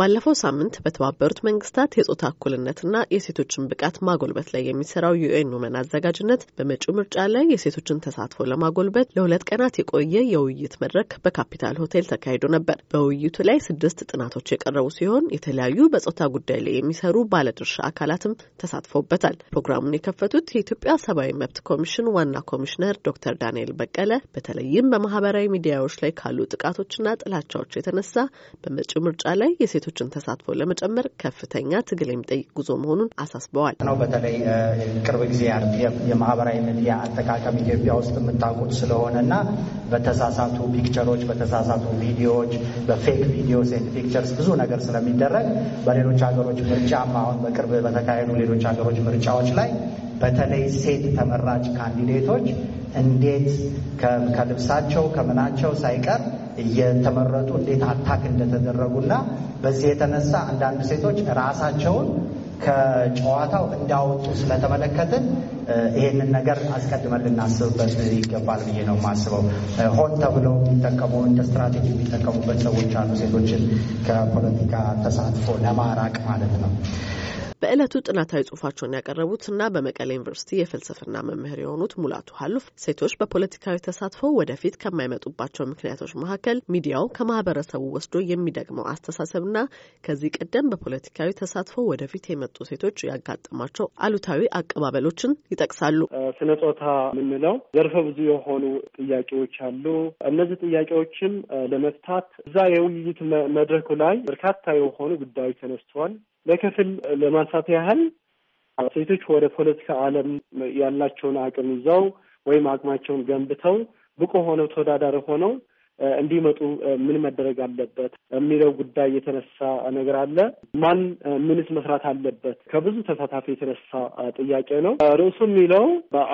ባለፈው ሳምንት በተባበሩት መንግስታት የጾታ እኩልነትና የሴቶችን ብቃት ማጎልበት ላይ የሚሰራው ዩኤን ውመን አዘጋጅነት በመጪው ምርጫ ላይ የሴቶችን ተሳትፎ ለማጎልበት ለሁለት ቀናት የቆየ የውይይት መድረክ በካፒታል ሆቴል ተካሂዶ ነበር። በውይይቱ ላይ ስድስት ጥናቶች የቀረቡ ሲሆን የተለያዩ በጾታ ጉዳይ ላይ የሚሰሩ ባለድርሻ አካላትም ተሳትፎበታል። ፕሮግራሙን የከፈቱት የኢትዮጵያ ሰብአዊ መብት ኮሚሽን ዋና ኮሚሽነር ዶክተር ዳንኤል በቀለ በተለይም በማህበራዊ ሚዲያዎች ላይ ካሉ ጥቃቶችና ጥላቻዎች የተነሳ በመጪው ምርጫ ላይ የሴቶች የሴቶችን ተሳትፎ ለመጨመር ከፍተኛ ትግል የሚጠይቅ ጉዞ መሆኑን አሳስበዋል። ነው በተለይ ቅርብ ጊዜ የማህበራዊ ሚዲያ አጠቃቀም ኢትዮጵያ ውስጥ የምታውቁት ስለሆነ እና በተሳሳቱ ፒክቸሮች፣ በተሳሳቱ ቪዲዮዎች፣ በፌክ ቪዲዮስ ኤንድ ፒክቸርስ ብዙ ነገር ስለሚደረግ በሌሎች ሀገሮች ምርጫም አሁን በቅርብ በተካሄዱ ሌሎች ሀገሮች ምርጫዎች ላይ በተለይ ሴት ተመራጭ ካንዲዴቶች እንዴት ከልብሳቸው ከምናቸው ሳይቀር እየተመረጡ እንዴት አታክ እንደተደረጉና በዚህ የተነሳ አንዳንድ ሴቶች ራሳቸውን ከጨዋታው እንዳወጡ ስለተመለከትን ይህንን ነገር አስቀድመን ልናስብበት ይገባል ብዬ ነው የማስበው። ሆን ተብሎ የሚጠቀሙ እንደ ስትራቴጂ የሚጠቀሙበት ሰዎች አሉ፣ ሴቶችን ከፖለቲካ ተሳትፎ ለማራቅ ማለት ነው። በዕለቱ ጥናታዊ ጽሁፋቸውን ያቀረቡት እና በመቀሌ ዩኒቨርሲቲ የፍልስፍና መምህር የሆኑት ሙላቱ ሀሉፍ ሴቶች በፖለቲካዊ ተሳትፎ ወደፊት ከማይመጡባቸው ምክንያቶች መካከል ሚዲያው ከማህበረሰቡ ወስዶ የሚደግመው አስተሳሰብና ከዚህ ቀደም በፖለቲካዊ ተሳትፎ ወደፊት የመጡ ሴቶች ያጋጠማቸው አሉታዊ አቀባበሎችን ይጠቅሳሉ። ስነ ጾታ የምንለው ዘርፈ ብዙ የሆኑ ጥያቄዎች አሉ። እነዚህ ጥያቄዎችም ለመፍታት እዛ የውይይት መድረኩ ላይ በርካታ የሆኑ ጉዳዮች ተነስተዋል። በክፍል ለማንሳት ያህል ሴቶች ወደ ፖለቲካ ዓለም ያላቸውን አቅም ይዘው ወይም አቅማቸውን ገንብተው ብቁ ሆነው ተወዳዳሪ ሆነው እንዲመጡ ምን መደረግ አለበት የሚለው ጉዳይ የተነሳ ነገር አለ። ማን ምንስ መስራት አለበት? ከብዙ ተሳታፊ የተነሳ ጥያቄ ነው። ርዕሱ የሚለው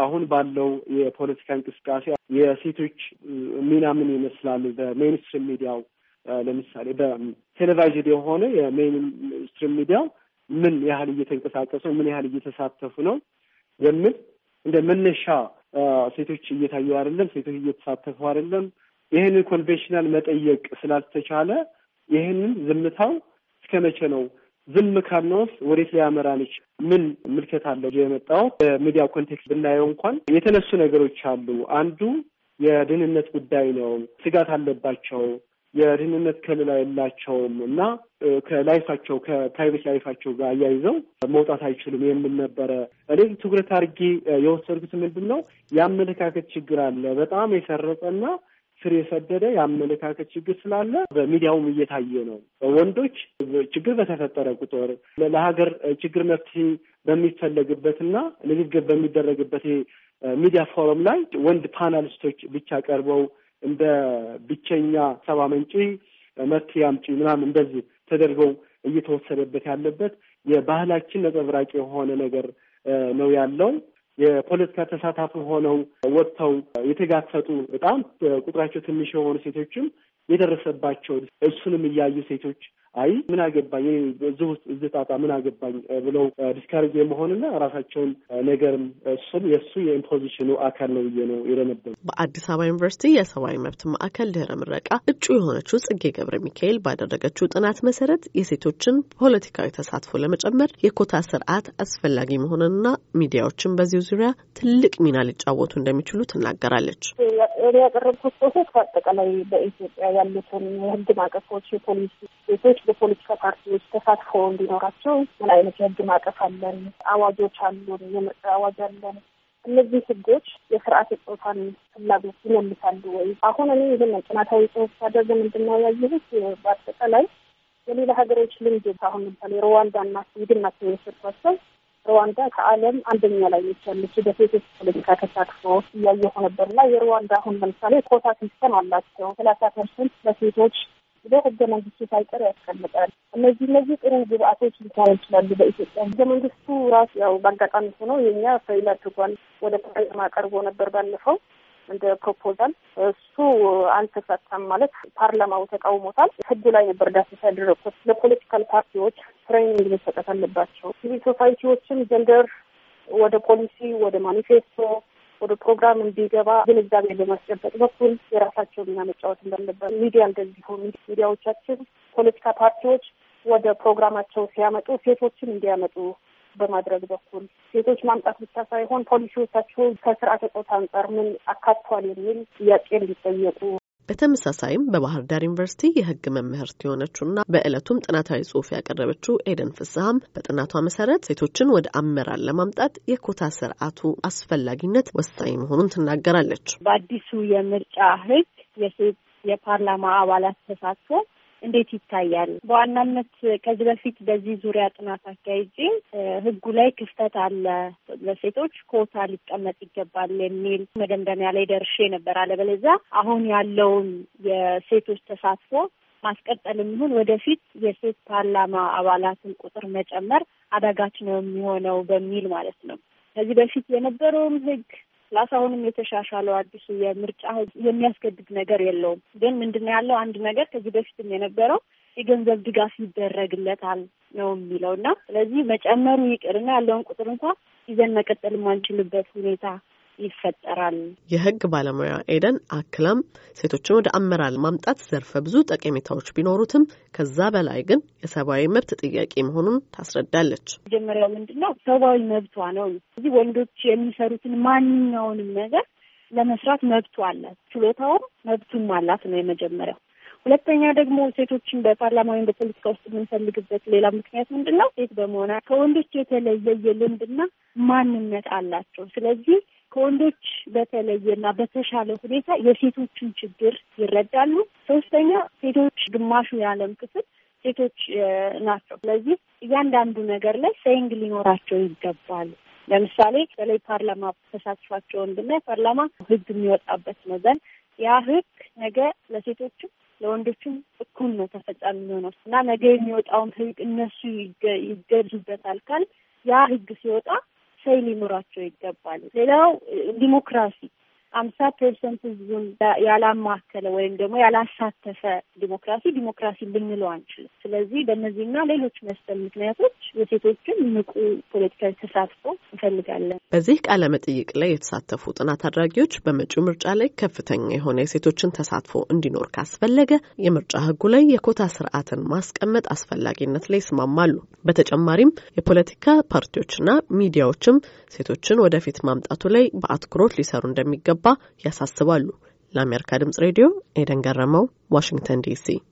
አሁን ባለው የፖለቲካ እንቅስቃሴ የሴቶች ሚና ምን ይመስላል? በሜንስትሪም ሚዲያው ለምሳሌ በቴሌቪዥን የሆነ የሜን ስትሪም ሚዲያ ምን ያህል እየተንቀሳቀሱ ምን ያህል እየተሳተፉ ነው የሚል እንደ መነሻ ሴቶች እየታዩ አይደለም፣ ሴቶች እየተሳተፉ አይደለም። ይህንን ኮንቬንሽናል መጠየቅ ስላልተቻለ ይህንን ዝምታው እስከ መቼ ነው? ዝም ካልነውስ ወዴት ሊያመራንች? ምን ምልከት አለው የመጣው? በሚዲያ ኮንቴክስት ብናየው እንኳን የተነሱ ነገሮች አሉ። አንዱ የደህንነት ጉዳይ ነው። ስጋት አለባቸው የድህንነት ከለላ የላቸውም እና ከላይፋቸው ከፕራይቬት ላይፋቸው ጋር አያይዘው መውጣት አይችሉም የሚል ነበረ። እኔ ትኩረት አድርጌ የወሰድኩት ምንድን ነው የአመለካከት ችግር አለ። በጣም የሰረጸና ስር የሰደደ የአመለካከት ችግር ስላለ በሚዲያውም እየታየ ነው። ወንዶች ችግር በተፈጠረ ቁጥር ለሀገር ችግር መፍትሄ በሚፈለግበትና ንግግር በሚደረግበት ሚዲያ ፎረም ላይ ወንድ ፓናሊስቶች ብቻ ቀርበው እንደ ብቸኛ ሰባ መንጪ መፍትሄ አምጪ ምናምን እንደዚህ ተደርገው እየተወሰደበት ያለበት የባህላችን ነጸብራቂ የሆነ ነገር ነው ያለው። የፖለቲካ ተሳታፊ ሆነው ወጥተው የተጋፈጡ በጣም ቁጥራቸው ትንሽ የሆኑ ሴቶችም የደረሰባቸው እሱንም እያዩ ሴቶች አይ ምን አገባኝ እዚህ ውስጥ እዚህ ጣጣ ምን አገባኝ ብለው ዲስካሬጅ የመሆንና ራሳቸውን ነገርም እሱም የእሱ የኢምፖዚሽኑ አካል ነው ብዬ ነው የለነበሩ። በአዲስ አበባ ዩኒቨርሲቲ የሰብአዊ መብት ማዕከል ድህረ ምረቃ እጩ የሆነችው ጽጌ ገብረ ሚካኤል ባደረገችው ጥናት መሰረት የሴቶችን ፖለቲካዊ ተሳትፎ ለመጨመር የኮታ ስርዓት አስፈላጊ መሆንና ሚዲያዎችን በዚሁ ዙሪያ ትልቅ ሚና ሊጫወቱ እንደሚችሉ ትናገራለች። ያቀረብኩት ጽሁፍ አጠቃላይ በኢትዮጵያ ያሉትን የህግ ማቀፎች፣ የፖሊሲ ሴቶች የፖለቲካ ፓርቲዎች ተሳትፎ እንዲኖራቸው ምን አይነት የህግ ማቀፍ አለን? አዋጆች አሉን፣ የምርጫ አዋጅ አለን። እነዚህ ህጎች የስርዓት የጾታን ፍላጎት ይመልሳሉ ወይ? አሁን እኔ ይህን ጥናታዊ ጽሁፍ ሳደርግ ምንድነው ያየሁት በአጠቃላይ የሌላ ሀገሮች ልምድ አሁን ለምሳሌ ሩዋንዳና ስዊድንና ስወሰድኳቸው ሩዋንዳ ከዓለም አንደኛ ላይ ነች ያለች በሴቶች ፖለቲካ ተሳትፎ እያየሁ ነበር እና የሩዋንዳ አሁን ለምሳሌ ኮታ ሲስተም አላቸው ሰላሳ ፐርሰንት ለሴቶች ብሎ ህገ መንግስቱ ሳይቀር ያስቀምጣል። እነዚህ እነዚህ ጥሩ ግብአቶች ሊታዩ ይችላሉ። በኢትዮጵያ ህገ መንግስቱ ራሱ ያው በአጋጣሚ ሆኖ የኛ ፋይል አድርጓል ወደ ፓርላማ ቀርቦ ነበር ባለፈው እንደ ፕሮፖዛል እሱ አልተሳካም። ማለት ፓርላማው ተቃውሞታል። ህጉ ላይ ነበር ዳሰሳ ያደረግኩት። ለፖለቲካል ፓርቲዎች ትሬኒንግ መሰጠት አለባቸው። ሲቪል ሶሳይቲዎችም ጀንደር ወደ ፖሊሲ ወደ ማኒፌስቶ ወደ ፕሮግራም እንዲገባ ግንዛቤ ለማስጨበጥ በኩል የራሳቸው ሚና መጫወት እንዳለበት ሚዲያ እንደዚህ ሆኑ ሚዲያዎቻችን ፖለቲካ ፓርቲዎች ወደ ፕሮግራማቸው ሲያመጡ ሴቶችን እንዲያመጡ በማድረግ በኩል ሴቶች ማምጣት ብቻ ሳይሆን ፖሊሲዎቻቸው ከስርዓተ ፆታ አንጻር ምን አካቷል የሚል ጥያቄ እንዲጠየቁ በተመሳሳይም በባህር ዳር ዩኒቨርሲቲ የሕግ መምህርት የሆነችውና በዕለቱም ጥናታዊ ጽሁፍ ያቀረበችው ኤደን ፍስሀም በጥናቷ መሰረት ሴቶችን ወደ አመራር ለማምጣት የኮታ ስርዓቱ አስፈላጊነት ወሳኝ መሆኑን ትናገራለች። በአዲሱ የምርጫ ህግ የሴት የፓርላማ አባላት ተሳትፎ እንዴት ይታያል? በዋናነት ከዚህ በፊት በዚህ ዙሪያ ጥናት አካሄጄ ህጉ ላይ ክፍተት አለ፣ ለሴቶች ኮታ ሊቀመጥ ይገባል የሚል መደምደሚያ ላይ ደርሼ ነበር። አለበለዚያ አሁን ያለውን የሴቶች ተሳትፎ ማስቀጠል የሚሆን ወደፊት የሴት ፓርላማ አባላትን ቁጥር መጨመር አዳጋች ነው የሚሆነው በሚል ማለት ነው። ከዚህ በፊት የነበረውን ህግ ፕላስ አሁንም የተሻሻለው አዲሱ የምርጫ ህግ የሚያስገድድ ነገር የለውም። ግን ምንድን ያለው አንድ ነገር ከዚህ በፊትም የነበረው የገንዘብ ድጋፍ ይደረግለታል ነው የሚለው እና ስለዚህ መጨመሩ ይቅርና ያለውን ቁጥር እንኳ ይዘን መቀጠል የማንችልበት ሁኔታ ይፈጠራል። የህግ ባለሙያ ኤደን አክላም ሴቶችን ወደ አመራር ማምጣት ዘርፈ ብዙ ጠቀሜታዎች ቢኖሩትም ከዛ በላይ ግን የሰብአዊ መብት ጥያቄ መሆኑን ታስረዳለች። መጀመሪያው ምንድን ነው? ሰብአዊ መብቷ ነው። እዚህ ወንዶች የሚሰሩትን ማንኛውንም ነገር ለመስራት መብቱ አላት፣ ችሎታውም መብቱም አላት ነው የመጀመሪያው። ሁለተኛ ደግሞ ሴቶችን በፓርላማ ወይም በፖለቲካ ውስጥ የምንፈልግበት ሌላ ምክንያት ምንድን ነው? ሴት በመሆና ከወንዶች የተለየ የልምድና ማንነት አላቸው። ስለዚህ ከወንዶች በተለየና በተሻለ ሁኔታ የሴቶችን ችግር ይረዳሉ። ሶስተኛ ሴቶች ግማሹ የዓለም ክፍል ሴቶች ናቸው። ስለዚህ እያንዳንዱ ነገር ላይ ሰይንግ ሊኖራቸው ይገባል። ለምሳሌ በተለይ ፓርላማ ተሳትፏቸውን ብናይ ፓርላማ ሕግ የሚወጣበት መዘን ያ ሕግ ነገ ለሴቶችም ለወንዶችም እኩል ነው ተፈጻሚ የሚሆነው እና ነገ የሚወጣውን ህግ እነሱ ይገዙበታል ካል ያ ህግ ሲወጣ ሰይ ሊኖራቸው ይገባል። ሌላው ዲሞክራሲ አምሳ ፐርሰንት ህዝቡን ያላማከለ ወይም ደግሞ ያላሳተፈ ዲሞክራሲ ዲሞክራሲ ልንለው አንችልም። ስለዚህ በእነዚህና ሌሎች መሰል ምክንያቶች የሴቶችን ንቁ ፖለቲካዊ ተሳትፎ እንፈልጋለን። በዚህ ቃለ መጠይቅ ላይ የተሳተፉ ጥናት አድራጊዎች በመጪው ምርጫ ላይ ከፍተኛ የሆነ የሴቶችን ተሳትፎ እንዲኖር ካስፈለገ የምርጫ ህጉ ላይ የኮታ ስርዓትን ማስቀመጥ አስፈላጊነት ላይ ይስማማሉ። በተጨማሪም የፖለቲካ ፓርቲዎችና ሚዲያዎችም ሴቶችን ወደፊት ማምጣቱ ላይ በአትኩሮት ሊሰሩ እንደሚገባ እንደሚገባ ያሳስባሉ። ለአሜሪካ ድምጽ ሬዲዮ ኤደን ገረመው፣ ዋሽንግተን ዲሲ